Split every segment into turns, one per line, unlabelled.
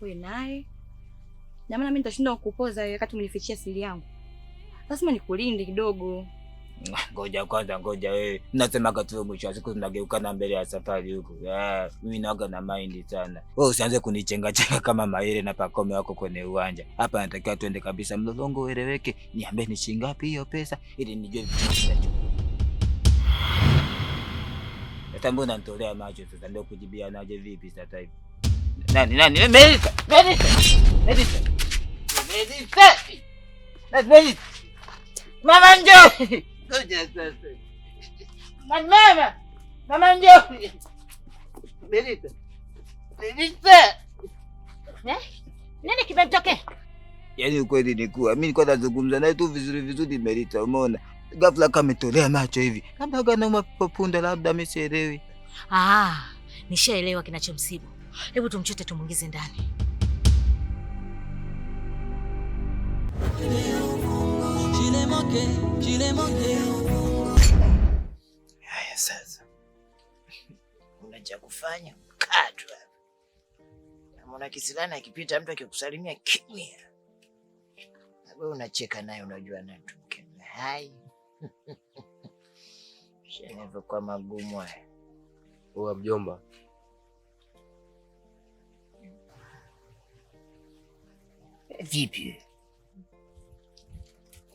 sifuri naye na maana mimi nitashinda kukupoza ile wakati umenifichia siri yangu. Lazima nikulinde kidogo.
Ah, ngoja kwanza, ngoja wewe. Nasema kati wewe mwisho siku tunageukana mbele ya safari huko. Ah, mimi naoga na mind sana. Wewe usianze kunichenga chenga kama maile na pakome wako kwenye uwanja. Hapa natakiwa tuende kabisa mlolongo ueleweke. Niambie ni shilingi ngapi hiyo pesa ili nijue vitu Sasa mbona nitolea macho sasa ndio kujibia naje vipi sasa hivi? nani nani eh, Melita Melita Melita Melita Melita mama njoo ngoja sasa mama mama njoo Melita Melita
nini kimemtokea?
Yaani ukweli ni kuwa mimi nilikuwa nazungumza naye tu vizuri vizuri, Melita, umeona ghafla kametolea macho hivi, kama gana popunda, labda amesielewi.
Ah, nishaelewa kinachomsibu Hebu tumchote tumwingize ndani.
Haya sasa, una cha kufanya? Kaa namona kisilani akipita mtu akikusalimia kimya, we unacheka naye, unajua natumke hai shanavyokuwa magumu haya.
Uwa mjomba
Vipi,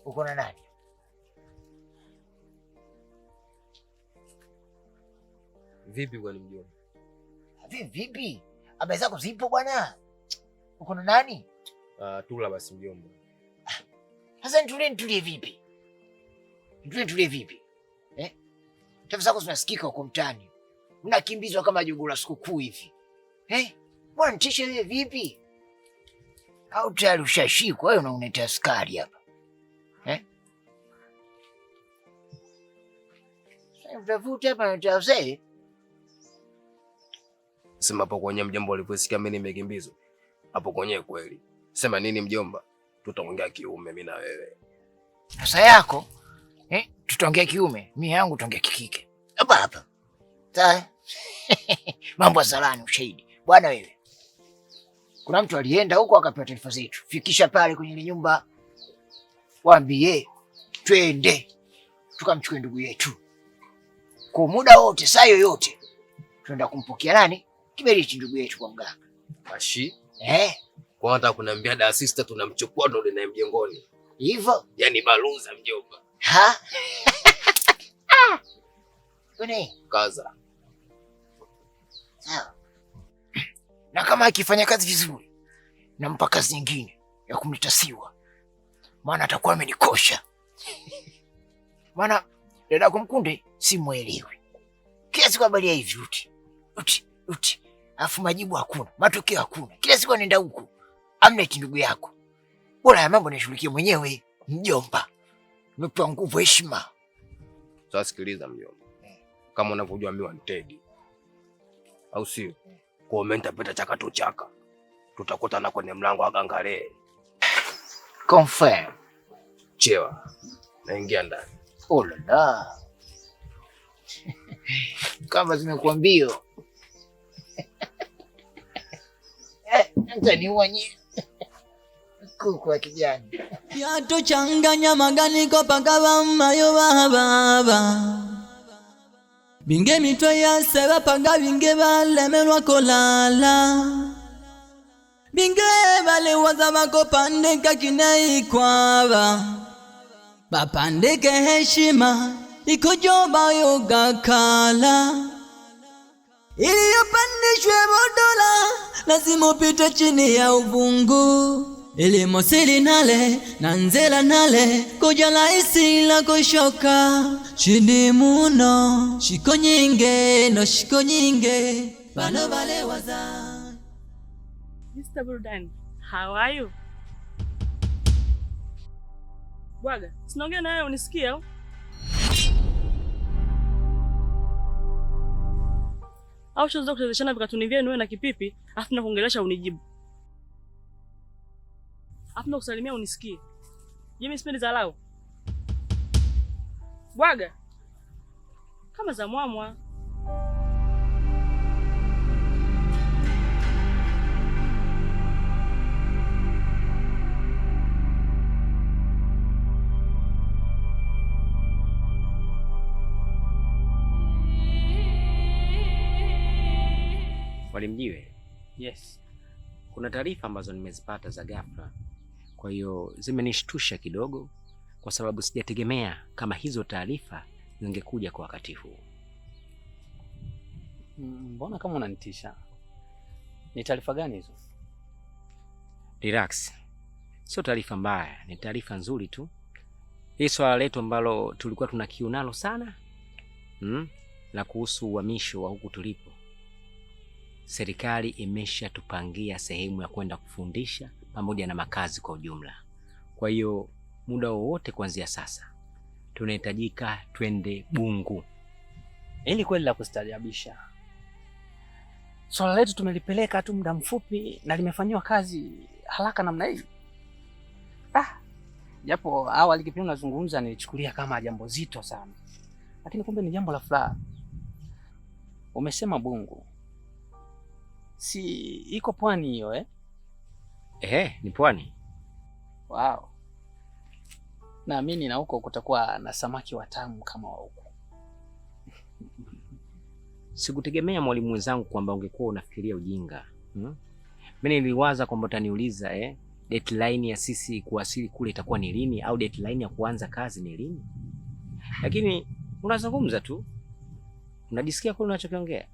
uko na nani?
Vipi kwani mjomba?
Vipi vipi, habari zako zipo bwana? Uko na nani?
Uh, tula basi mjomba.
Sasa nitulie nitulie vipi? Nitulie nitulie vipi? Eh? Tafu zako zinasikika huko mtaani, unakimbizwa kama jogoo la sikukuu hivi. Eh? Bwana nitishe wewe vipi? au tayari ushashikwa wewe, unaoneta askari hapa eh? Utafuta hapa na uzee
sema hapo kwenye mjomba, ulivyosikia mimi nimekimbizwa hapo kwenye kweli. Sema nini mjomba, tutaongea kiume mimi na wewe.
Sasa yako eh, tutaongea kiume, mimi yangu tutaongea kikike hapa hapa. Sawa mambo salani, ushahidi bwana wewe kuna mtu alienda huko akapewa taarifa zetu. Fikisha pale kwenye ile nyumba, waambie twende tukamchukue ndugu yetu. Kwa muda wote, saa yoyote, tunaenda kumpokea nani? Kiberiti, ndugu yetu kwa mganga. Ashi. Eh?
Kwa hata kunaambia da sister tunamchukua ndo ndani mjengoni. Hivyo? Yaani baluza mjomba.
Ha? Ah! Kaza. Sawa na kama akifanya kazi vizuri, nampa kazi nyingine ya kumleta Siwa, maana atakuwa amenikosha. maana dada kumkunde si mwelewi kila siku habari ya hivi uti uti uti, afu majibu hakuna, matokeo hakuna, kila siku anaenda huku. Amnet ndugu yako, bora ya mambo nishughulikie mwenyewe. Mjomba nimepewa nguvu, heshima.
Sasa sikiliza mjomba, kama unavyojua mimi wa Mtedi, au sio? kwa mimi nitapita chaka tu chaka, tutakutana kwenye mlango wa Gangale.
Confirm.
Chewa, naingia ndani.
Oh la la. Kama zimekuambia wanyi. kuku wa kijani magani maganiko pakawa mayo baba. Binge mitwe ya seba panga binge menwa kolala Binge bale pandeka kina ikwava Bapandike heshima ikojoba yogakala
Iliyopandishwe bodola lazima upite chini ya uvungu Elimo sili nale na nzela nale kuja la isi la kushoka chini muno shiko nyinge no shiko nyinge bano bale waza Mr. Burdan, how are you? Bwaga, sinaongea naye unisikia? Au shozo kuchezeshana vikatuni vyenu na kipipi, afu kuongelesha unijibu Afu na kusalimia unisikie. Je, mimi sipendi dharau? Bwaga kama za mwamwa.
Mwalimu Jiwe. Yes. Kuna taarifa ambazo nimezipata za ghafla kwa hiyo zimenishtusha kidogo, kwa sababu sijategemea kama hizo taarifa zingekuja kwa wakati huu.
Mm, mbona kama unanitisha? Ni taarifa gani hizo?
Relax, sio taarifa mbaya, ni taarifa nzuri tu. Hii swala letu ambalo tulikuwa nalo sana hmm, la kuhusu uhamisho wa huku tulipo, serikali imeshatupangia sehemu ya kwenda kufundisha pamoja na makazi kwa ujumla. Kwa hiyo muda wowote kuanzia sasa tunahitajika twende Bungu.
Ili kweli la kustajabisha, swala letu tumelipeleka tu muda mfupi na limefanyiwa kazi haraka namna hii. Ah, japo awali kipindi nazungumza nilichukulia kama jambo zito sana, lakini kumbe ni jambo la furaha. Umesema Bungu, si iko pwani hiyo eh?
Ehe, ni pwani.
Wow. Naamini na huko kutakuwa na samaki watamu kama wa huko.
Sikutegemea mwalimu wenzangu kwamba ungekuwa unafikiria ujinga hmm? Mimi niliwaza kwamba utaniuliza eh, deadline ya sisi kuwasili kule itakuwa ni lini au deadline ya kuanza kazi ni lini, lakini unazungumza tu. Unajisikia kule unachokiongea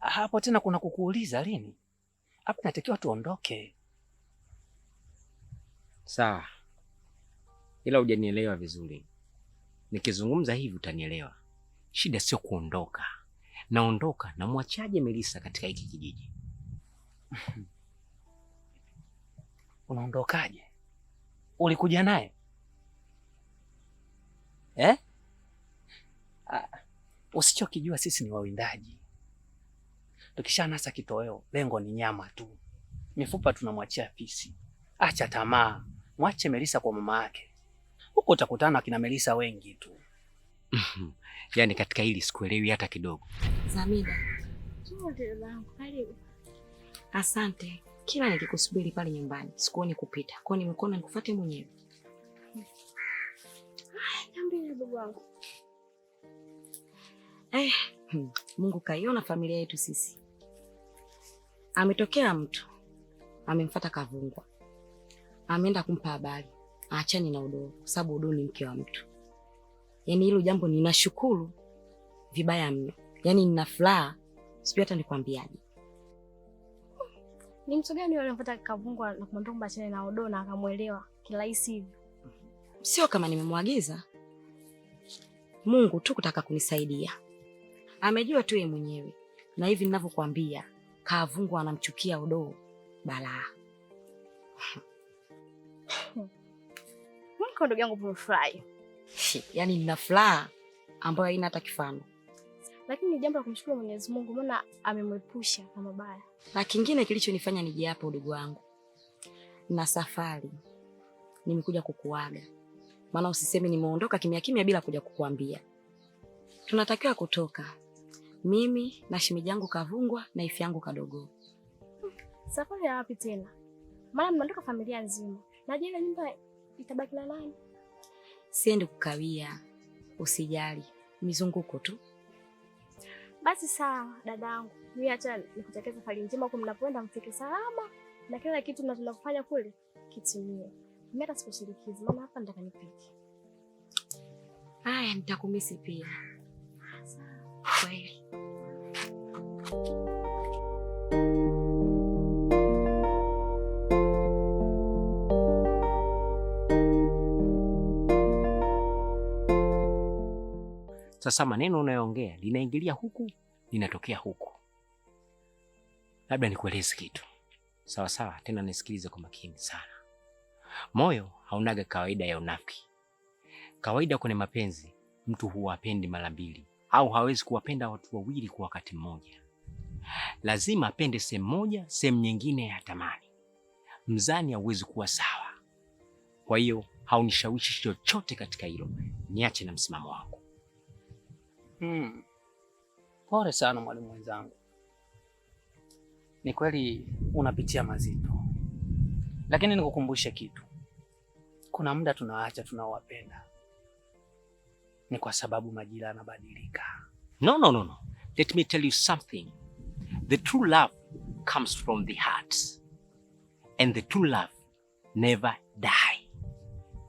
ah, hapo? Tena kuna kukuuliza lini? hapa natakiwa tuondoke.
Sawa, ila hujanielewa vizuri. Nikizungumza hivi utanielewa. Shida sio kuondoka, naondoka namwachaje Melisa katika hiki kijiji?
Unaondokaje? Ulikuja naye eh? Ah, usichokijua sisi ni wawindaji Tukishanasa kitoweo, lengo ni nyama tu, mifupa tunamwachia fisi. Acha tamaa, mwache Melisa kwa mama yake, huko utakutana kina Melisa wengi tu.
Yaani katika hili sikuelewi hata kidogo.
Zamida. Asante. Kila nikikusubiri pale nyumbani sikuoni kupita, kwa nini mkono nikufuate mwenyewe. Eh, hmm. Mungu kaiona familia yetu sisi Ametokea mtu amemfata Kavungwa, ameenda kumpa habari aachani na Udo kwa sababu Udo ni mke wa mtu. Yaani hilo jambo ninashukuru vibaya mno, yaani nina furaha, sijui hata nikwambiaje.
Ni mtu gani yule aliyemfuata Kavungwa na kumwambia kwamba achane na Udo na akamwelewa kirahisi hivyo?
Sio kama nimemwagiza, Mungu tu kutaka kunisaidia, amejua tu yeye mwenyewe, na hivi ninavyokuambia Kavungu anamchukia Odoo balaa.
Mko ndugu yangu umefurahi.
Yaani nina furaha ambayo haina hata kifano.
Lakini ni jambo la kumshukuru Mwenyezi Mungu maana amemwepusha na mabaya.
Na kingine kilichonifanya nije hapa udogo wangu. Na safari nimekuja kukuaga. Maana usisemi nimeondoka kimya kimya bila kuja kukuambia. Tunatakiwa kutoka mimi na shemeji yangu Kavungwa na ifi yangu Kadogo.
Safari ya wapi tena? Maana mnaondoka familia nzima. Na ile nyumba itabaki na nani?
Siendi kukawia, usijali, mizunguko tu.
Basi sawa, dadangu, mimi acha nikutakia safari njema huko mnapoenda, mfike salama na kila kitu kufanya kule kitimie. Mimi hata sikushirikizi, maana hapa ndo
Aya, nitakumisi pia kweli.
Sasa maneno unayoongea linaingilia huku linatokea huku. Labda nikueleze kitu sawa sawa, tena nisikilize kwa makini sana. Moyo haunaga kawaida ya unafiki. Kawaida kwenye mapenzi mtu huwa apendi mara mbili, au hawezi kuwapenda watu wawili kwa wakati mmoja. Lazima apende sehemu moja, sehemu nyingine ya tamani. Mzani hauwezi kuwa sawa. Kwa hiyo haunishawishi chochote katika hilo, niache na msimamo wako
Hmm. Pole sana mwalimu mwenzangu, ni kweli unapitia mazito, lakini nikukumbushe kitu, kuna muda tunawaacha tunaowapenda ni kwa sababu majira yanabadilika.
No, no, no, no. Let me tell you something. The true love comes from the heart. And the true love never die.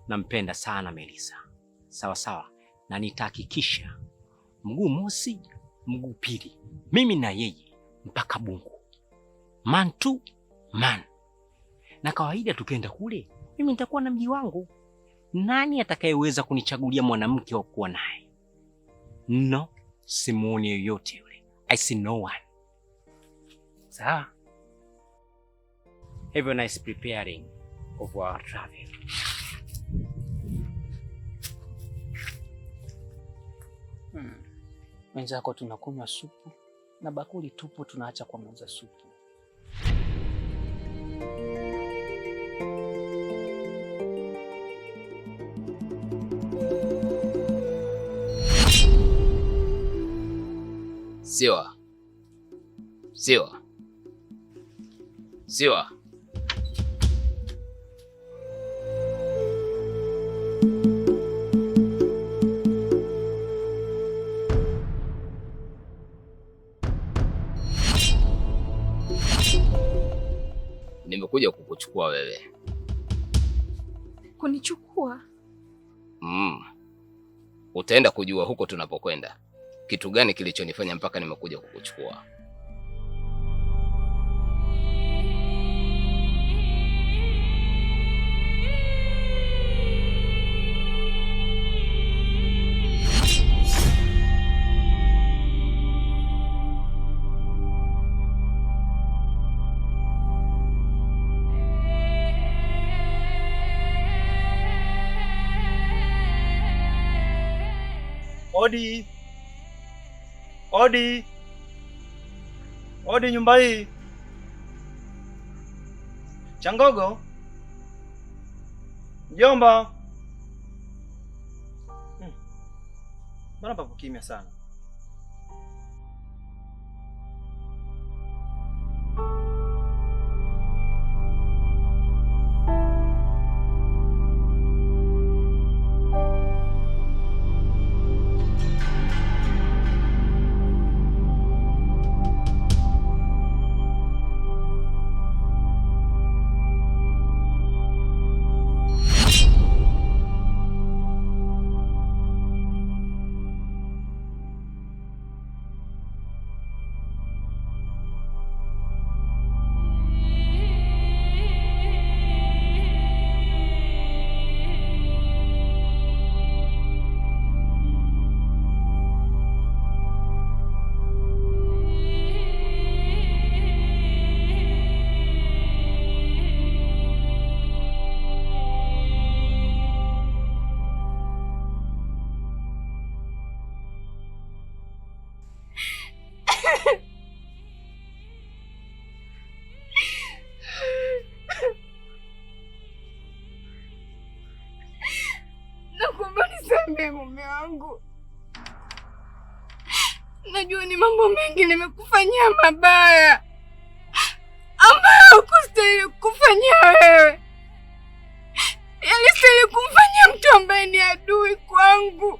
Nampenda sana Melissa. Sawa sawa. Na nitahakikisha mguu mosi, mguu pili. Mimi na yeye mpaka Bungu. Man to man. Na kawaida tukienda kule, mimi nitakuwa na mji wangu nani atakayeweza kunichagulia mwanamke wa kuwa naye? No, simuoni yoyote yule. I see no one.
Sawa? Have a nice preparing of our travel. Hmm. Mwenzako tunakunywa supu na bakuli tupo, tunaacha kwa mwenza supu.
Siwa. Siwa. Siwa.
Nimekuja kukuchukua wewe.
Kunichukua?
Mm. Utaenda kujua huko tunapokwenda kitu gani kilichonifanya mpaka nimekuja kukuchukua?
Odi. Odi, odi nyumba hii. Changogo, mjomba. Hmm. Mbona hmm, papo kimya sana?
Nisamehe mume wangu, najua ni mambo mengi nimekufanyia mabaya ambayo hakustahili kufanyia wewe, yalistahili kumfanyia mtu ambaye ni adui kwangu.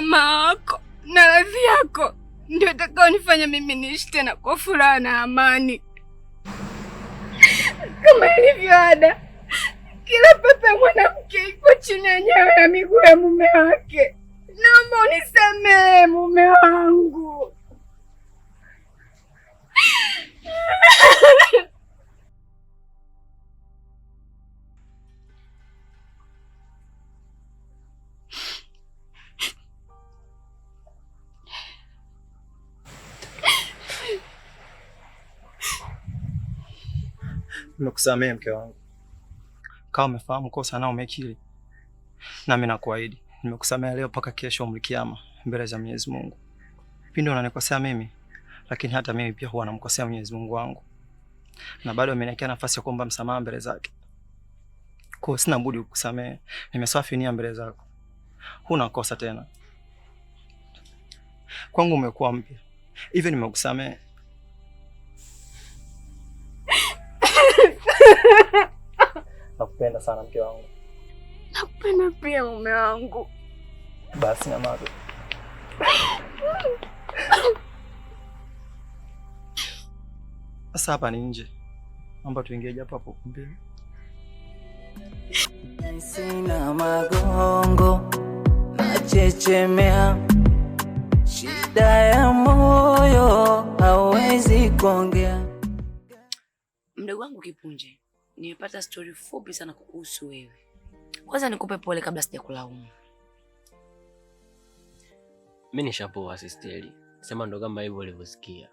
msamaha wako na radhi yako ndio itakaonifanya mimi niishi tena kwa furaha na amani. Kama ilivyo ada, kila papa mwanamke iko chini ya nyayo ya miguu ya mume wake. Naomba unisamehe mume wangu.
Nimekusamehe mke wangu, kama umefahamu kosa na umekiri, nami nakuahidi nimekusamea leo mpaka kesho umlikiama mbele za Mwenyezi Mungu. Pindi unanikosea mimi, lakini hata mimi pia huwa namkosea Mwenyezi Mungu wangu, na bado ameniwekea nafasi ya kuomba msamaha mbele zake. Kwa hiyo sina budi kukusamea, nimesafi nia mbele zako, huna kosa tena kwangu, umekuwa mpya hivyo, nimekusamea. Nakupenda sana mke wangu.
Nakupenda pia mume wangu.
Basi na sasa hapa ni nje, naomba tuingie japo hapo kumbini. Sina magongo nachechemea,
shida ya moyo hawezi kuongea. Mdogo wangu Kipunje, nimepata stori fupi sana kuhusu wewe. Kwanza nikupe pole kabla sijakulaumu.
Mi nishapoa sisteli, sema ndo kama hivyo ulivyosikia.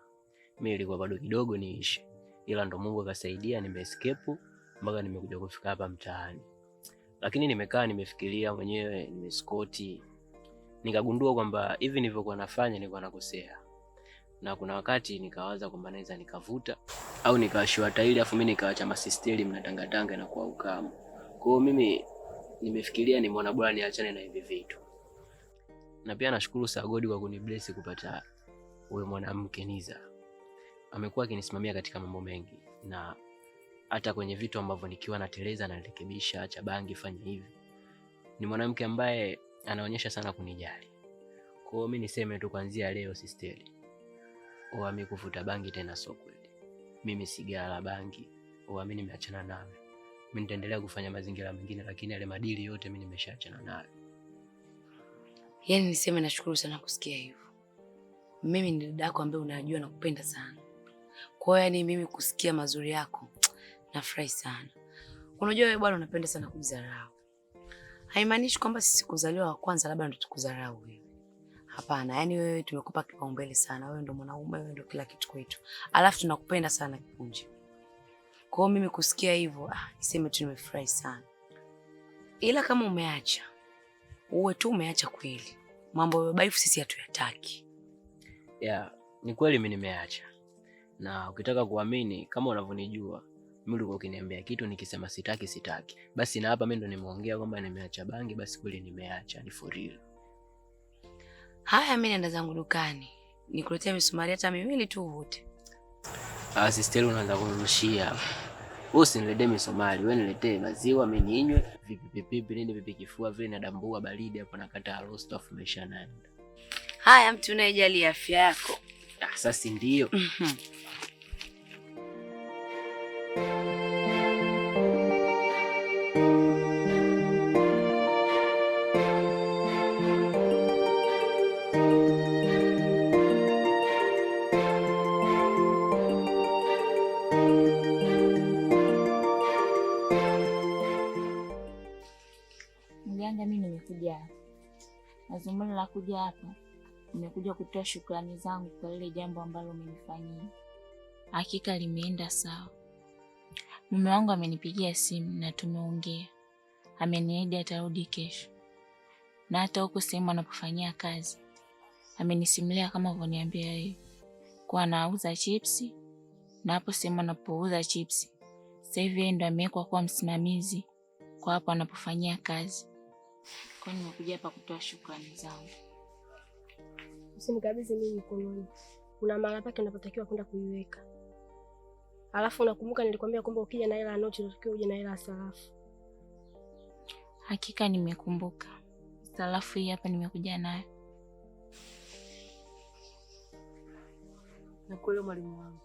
Mi ilikuwa bado kidogo niishi, ila ndo Mungu akasaidia, nimeescape mpaka nimekuja kufika hapa mtaani. Lakini nimekaa nimefikiria mwenyewe, nimeskoti nikagundua kwamba hivi nilivyokuwa nafanya nilikuwa nakosea na kuna wakati nikawaza kwamba naweza nikavuta au nikawashiwa tairi afu mimi nikawacha masisteli mnatangatanga na kwa ukamu. Kwa hiyo mimi nimefikiria ni mwana bora niachane na hivi vitu, na pia nashukuru God kwa kunibless kupata huyo mwanamke Niza. Amekuwa akinisimamia katika mambo mengi na hata kwenye vitu ambavyo nikiwa nateleza narekebisha, acha bangi, fanya hivi. Ni mwanamke ambaye anaonyesha sana kunijali. Kwa hiyo mimi niseme tu, kuanzia leo sisteli Uami kuvuta bangi tena sio Mimi sigara la bangi, uami nimeachana nayo. Mimi nitaendelea kufanya mazingira mengine, lakini yale madili yote mimi nimeshaachana nayo.
Yani niseme nashukuru sana kusikia hivyo. Mimi ni dada yako ambaye unajua na kupenda sana. Kwa hiyo yani mimi kusikia mazuri yako nafurahi sana. Unajua wewe bwana unapenda sana kujidharau. Haimaanishi kwamba sisi kuzaliwa wa kwanza labda ndio tukudharau wewe. Hapana, yani wewe tumekupa kipaumbele sana. Wewe ndo mwanaume, wewe ndo kila kitu kwetu, alafu tunakupenda sana Kipunje. Kwa hiyo mimi kusikia hivyo, ah, niseme tu nimefurahi sana, ila kama umeacha uwe tu umeacha kweli. Mambo ya baifu sisi hatuyataki.
Yeah, ni kweli mimi nimeacha, na ukitaka kuamini kama unavyonijua mimi, ulikuwa ukiniambia kitu nikisema sitaki sitaki, basi na hapa mimi ndo nimeongea kwamba nimeacha bangi, basi kweli nimeacha, ni for real.
Haya, mimi naenda zangu dukani nikuletea misumari hata miwili tu uvute.
Ah, sister unaanza kunurushia Wewe usiniletee misumari, wewe niletee maziwa mimi ninywe, vipi vipi nini vipi kifua vile nadambua baridi hapo nakata roast afu maisha naenda.
Haya, mtu unayejali afya yako.
Ah, sasa ndio. Mhm. Mm
na la kuja hapa, nimekuja kutoa shukrani zangu kwa lile jambo ambalo umenifanyia. Hakika limeenda sawa. Mume wangu amenipigia simu na tumeongea, ameniahidi atarudi kesho, na hata huko sehemu anapofanyia kazi amenisimulia kama ulivyoniambia yeye kuwa anauza chipsi na hapo sehemu anapouza chipsi sasa hivi yeye ndo amewekwa kuwa msimamizi kwa hapo anapofanyia kazi. Kwani nimekuja hapa kutoa shukrani zangu.
Usinikabidhi mimi mkononi, kuna mahala pake unapotakiwa kwenda kuiweka. Alafu unakumbuka nilikwambia kwamba ukija na hela ya noti unatakiwa uje na hela ya sarafu.
Hakika nimekumbuka. Sarafu hii hapa nimekuja nayo.
Nakuelewa mwalimu wangu.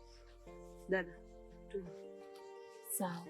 Dada, Sawa.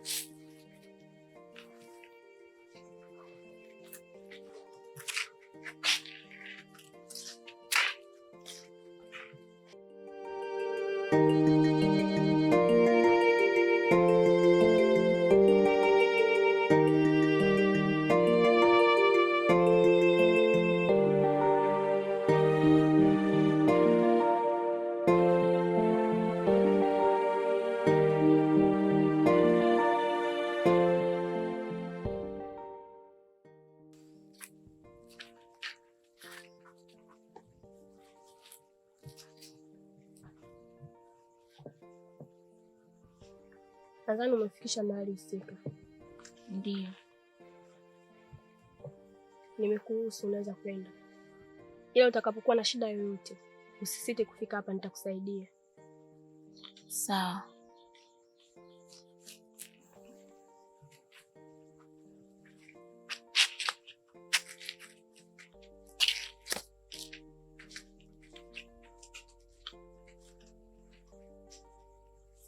kukufikisha mahali husika. ndio nimekuruhusu, unaweza kwenda, ila utakapokuwa na shida yoyote usisite kufika hapa, nitakusaidia. Sawa.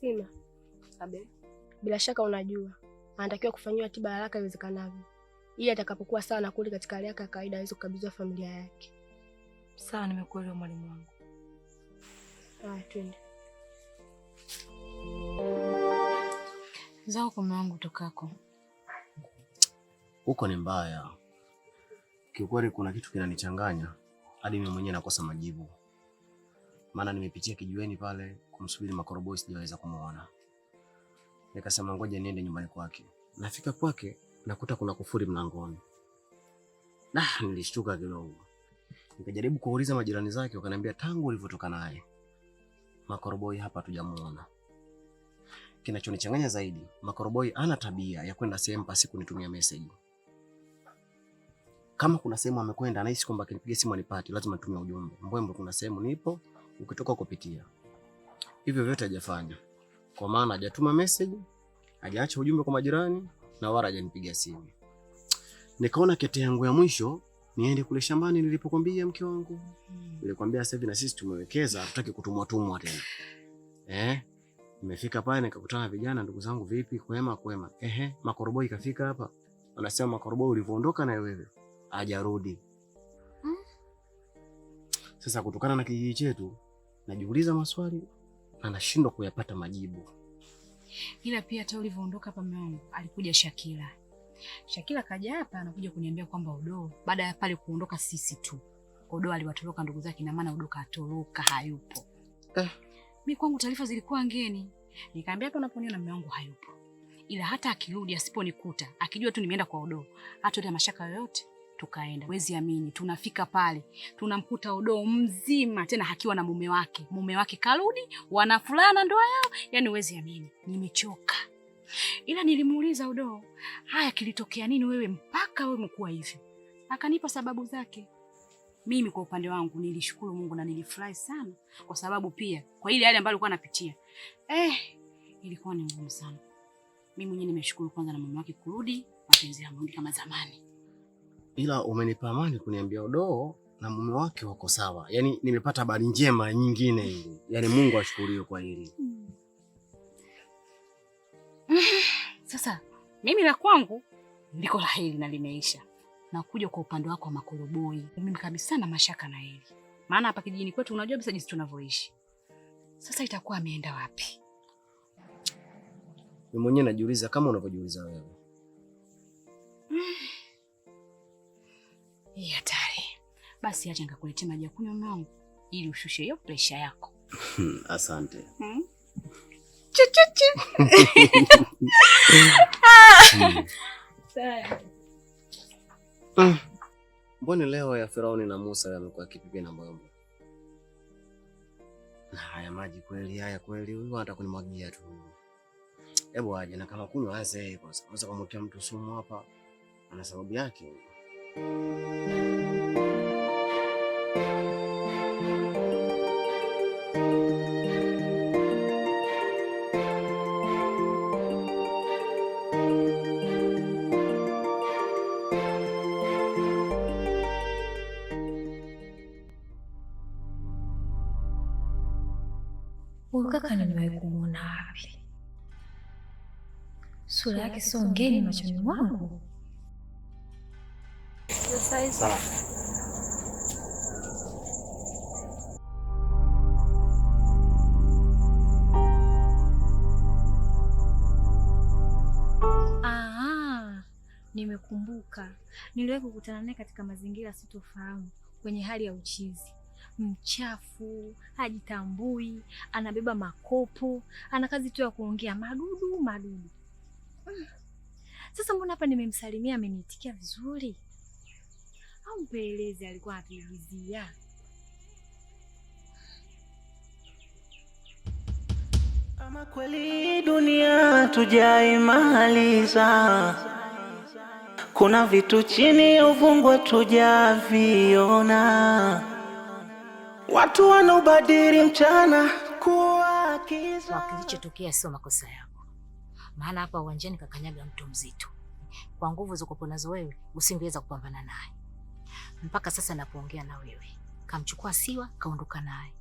Sima. Abe. Bila shaka unajua anatakiwa kufanyiwa tiba haraka iwezekanavyo, ili atakapokuwa sawa na kurudi katika hali yake ya kawaida aweze kukabidhiwa familia yake. Sawa, nimekuelewa mwalimu wangu. Haya, twende zako. Mume wangu Tokako
huko ni mbaya kiukweli, kuna kitu kinanichanganya hadi mimi mwenyewe nakosa majibu, maana nimepitia kijiweni pale kumsubiri Makoroboi, sijaweza kumwona nikasema ngoja niende nyumbani kwake. Nafika kwake nakuta kuna kufuri mlangoni. Nah, nilishtuka kidogo. Nikajaribu kuuliza majirani zake, wakaniambia tangu ulivyotoka naye Makoroboi hapa hatujamuona. Kinachonichanganya zaidi, Makoroboi ana tabia ya kwenda sehemu pasi kunitumia message. Kama kuna sehemu amekwenda anahisi kwamba akinipiga simu anipati, lazima nitumie ujumbe. Mbwembwe, kuna sehemu nipo, ukitoka kupitia Hivyo vyote hajafanya kwa maana hajatuma message, hajaacha ujumbe kwa majirani na wala hajanipiga simu. Nikaona kete yangu ya mwisho niende kule shambani nilipokwambia mke wangu. Nilikwambia sasa hivi na sisi tumewekeza, hatutaki kutumwa tumwa tena. Eh? Nimefika pale nikakutana na vijana ndugu zangu, vipi? Kwema kwema. Ehe, makoroboi kafika hapa. Wanasema makoroboi ulivyoondoka na wewe hajarudi. Hmm? Sasa kutokana na kijiji chetu najiuliza maswali anashindwa kuyapata majibu.
Ila pia hata ulivyoondoka hapa, mume wangu alikuja Shakila. Shakila kaja hapa, anakuja kuniambia kwamba Udo baada ya pale kuondoka sisi tu, Udo aliwatoroka ndugu zake, na maana Udo katoroka, hayupo eh. Mi kwangu taarifa zilikuwa ngeni, nikaambia hapa unaponiona mume wangu hayupo, ila hata akirudi asiponikuta, akijua tu nimeenda kwa Udo, hata ile mashaka yoyote Tukaenda, wezi amini, tunafika pale tunamkuta Odoo mzima tena, hakiwa na mume wake. Mume wake karudi, wana wanafulana ndoa yao, yani wezi amini, nimechoka. Ila nilimuuliza Odoo, haya kilitokea nini wewe mpaka wewe umekuwa hivyo? Akanipa sababu zake. Mimi kwa upande wangu nilishukuru Mungu na nilifurahi sana, kwa sababu pia kwa ile hali ambayo alikuwa anapitia eh, ilikuwa ni ngumu sana. Mimi mwenyewe nimeshukuru kwanza na mume wake kurudi, mapenzi ya Mungu kama zamani
ila umenipa amani kuniambia Odoo na mume wake wako sawa. Yaani nimepata habari njema nyingine hii. Yaani Mungu ashukuriwe kwa hili.
Sasa mimi la kwangu liko la hili na limeisha. Na kuja kwa upande wako wa makoroboi. Mimi kabisa na mashaka na hili. Maana hapa kijijini kwetu unajua kabisa jinsi tunavyoishi. Sasa itakuwa ameenda wapi?
Mimi mwenyewe najiuliza kama unavyojiuliza wewe.
Hii hatari. Basi acha nikakuletea maji ya kunywa mume ili ushushe hiyo presha yako.
Hmm, asante. Hmm?
Chuchuchu.
Hmm. Mbona leo ya Firauni na Musa yamekuwa kipipi na mbwembwe? Na haya maji kweli, haya kweli, huyu hata kunimwagia tu. Hebu aje na kama kunywa aze kwanza. Kwanza kama mtu sumu hapa ana sababu yake. Huyu
kaka nimewahi kumuona wapi? Sura yake sio ngeni machoni mwangu. Niliwahi kukutana naye katika mazingira sitofahamu, kwenye hali ya uchizi, mchafu, hajitambui, anabeba makopo, ana kazi tu ya kuongea madudu madudu. Sasa mbona hapa nimemsalimia ameniitikia vizuri? Au mpelelezi alikuwa atuigizia? Kama kweli dunia tujaimaliza kuna vitu chini ya uvungwa tujaviona, watu wanaobadili mchana kuwa kiza. Kilichotokea sio makosa yako, maana hapa uwanjani kakanyaga mtu mzito kwa nguvu zako nazo wewe usingeweza kupambana naye. Mpaka sasa napoongea na wewe, kamchukua Siwa kaondoka naye,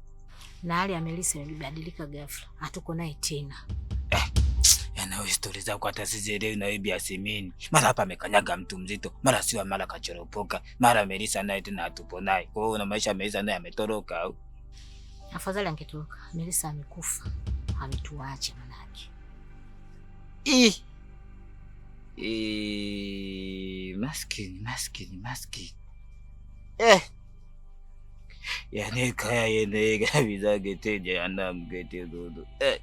na hali ya Melisa imebadilika ghafla, hatuko naye tena
na wewe stori zako hata sizielewi. Na wewe Biasimini, mara hapa amekanyaga mtu mzito, mara siwa, mara kachoropoka, mara amelisa naye tena atupo naye. Kwa hiyo na maisha Melisa naye ametoroka au
afadhali angetoroka. Melisa amekufa, ametuacha manake.
I I maskini, maskini, maskini. Eh. Yani kaya yene gabi zake teja yanamgete dodo. Eh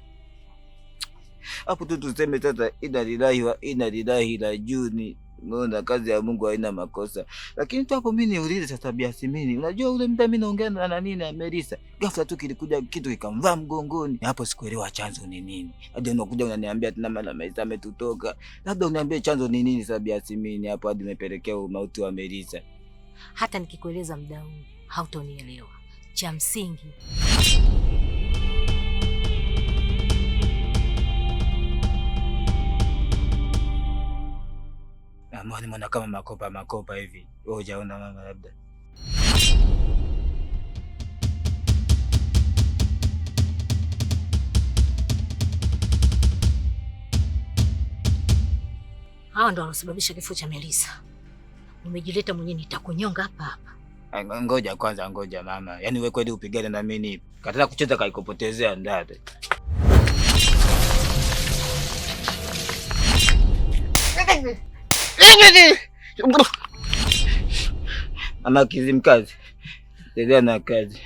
hapo tu tuseme sasa, inna lillahi wa inna ilaihi rajiun. Mbona kazi ya Mungu haina makosa. Lakini tu hapo mimi niulize sasa, Biasimini, unajua ule muda mimi naongea na nani na Melissa, ghafla tu kilikuja kitu kikamvaa mgongoni, hapo sikuelewa chanzo ni nini. Hadi unakuja unaniambia tena maana Melissa ametutoka, labda uniambie chanzo ni nini sasa, Biasimini, hapo hadi umepelekea mauti wa Melissa.
Hata nikikueleza muda huu hautonielewa, cha msingi
Moni mwana kama makopa makopa hivi. Wewe hujaona mama labda?
Hawa ndo wanasababisha kifo cha Melisa. Nimejileta mwenyewe, nitakunyonga hapa hapa.
Ngoja kwanza, ngoja mama. Yaani wewe kweli upigane na mimi? Kataa kucheza kaikupotezea ndani. Ama kizimkazi, tegea na kazi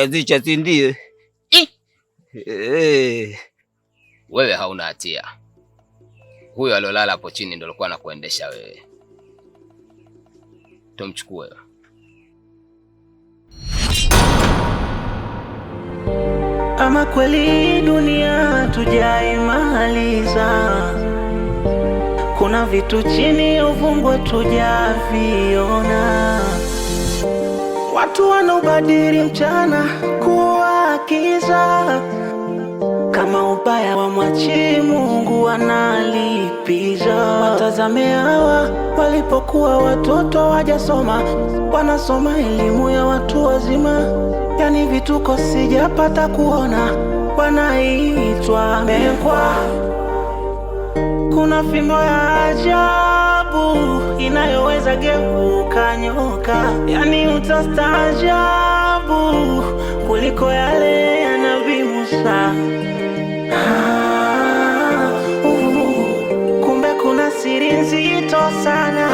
kujiazisha, si ndiye? Eh. Eh.
wewe hauna hatia. Huyo aliolala hapo chini ndio alikuwa anakuendesha wewe. Tumchukue. Ama kweli dunia tujaimaliza, kuna vitu chini uvungwe tujaviona Mfano ubadiri mchana kuwa kiza, kama ubaya wa mwachi Mungu analipiza. Watazame hawa walipokuwa watoto wajasoma, wanasoma elimu ya watu wazima, yani vituko sijapata kuona, wanaitwa mekwa. Kuna fimbo ya ajabu sababu inayoweza geuka nyoka, yani utastaajabu kuliko yale yanaviusa Ah, uh, uh, uh, kumbe kuna siri nzito sana